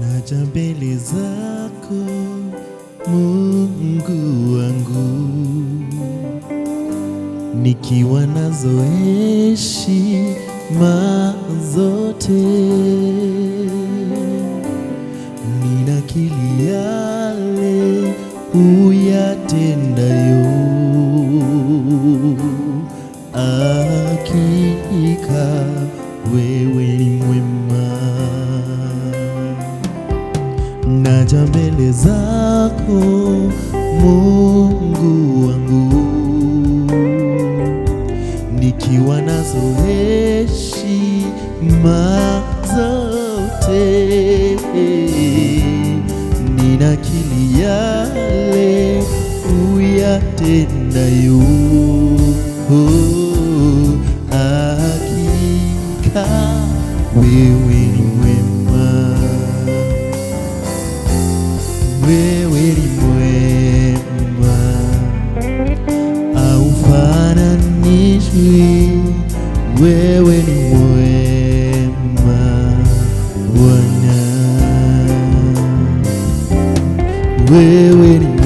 Naja mbele Mungu nikiwa zote, nina kili yale uyatendayo akika wewe ni mwema. Naja mbele zako Mungu wangu nikiwa nazo heshima zote, ninakilia tena yu hakika wewe ni mwema, wewe ni mwema, aufananishwi, wewe ni mwema Bwana, wewe ni mwema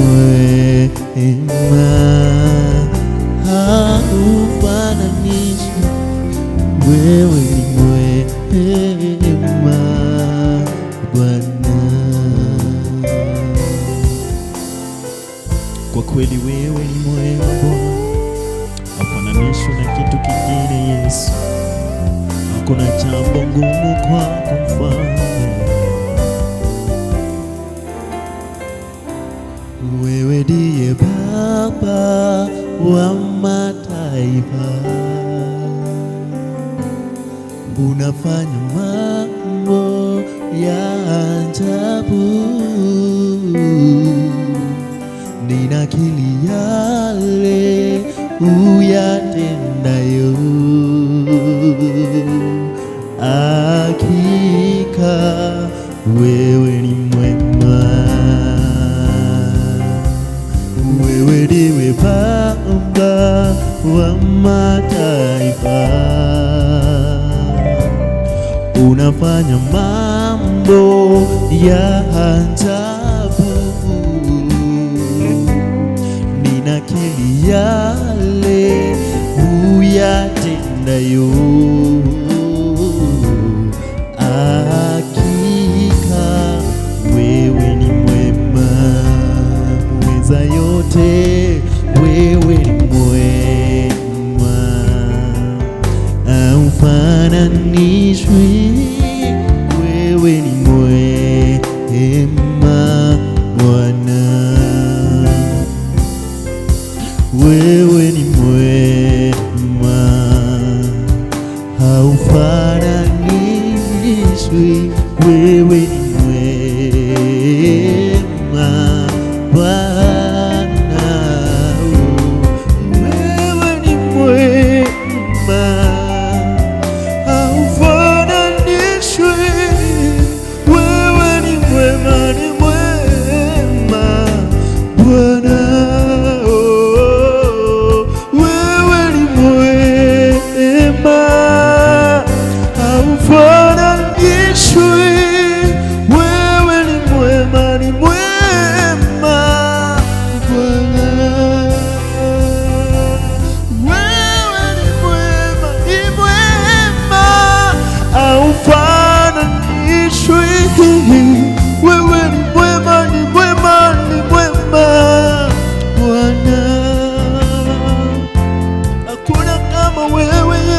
kweli wewe ni mwema Bwana, hafananishwi na kitu kingine Yesu. Hakuna jambo ngumu kwako Mfalme, wewe ndiye Baba wa mataifa, unafanya akili yale uyatendayo, akika wewe ni mwema, wewe ndiwe Baba wa mataifa, unafanya mambo ya ajabu akili yale uyatendayo akika wewe ni mwema mweza yote wewe ni mwema aufananishwi love